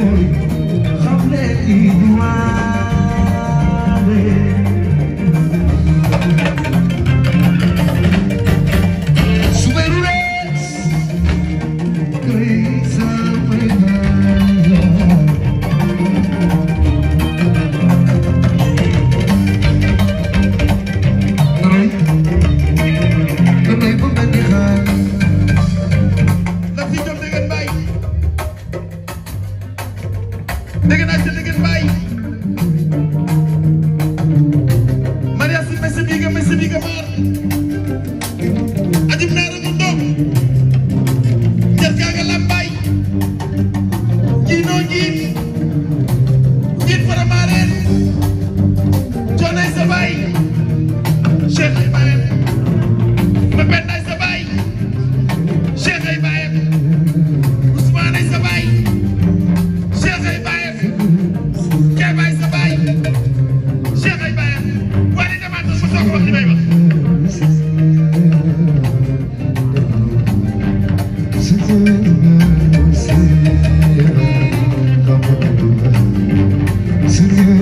Thank you. Seigneur.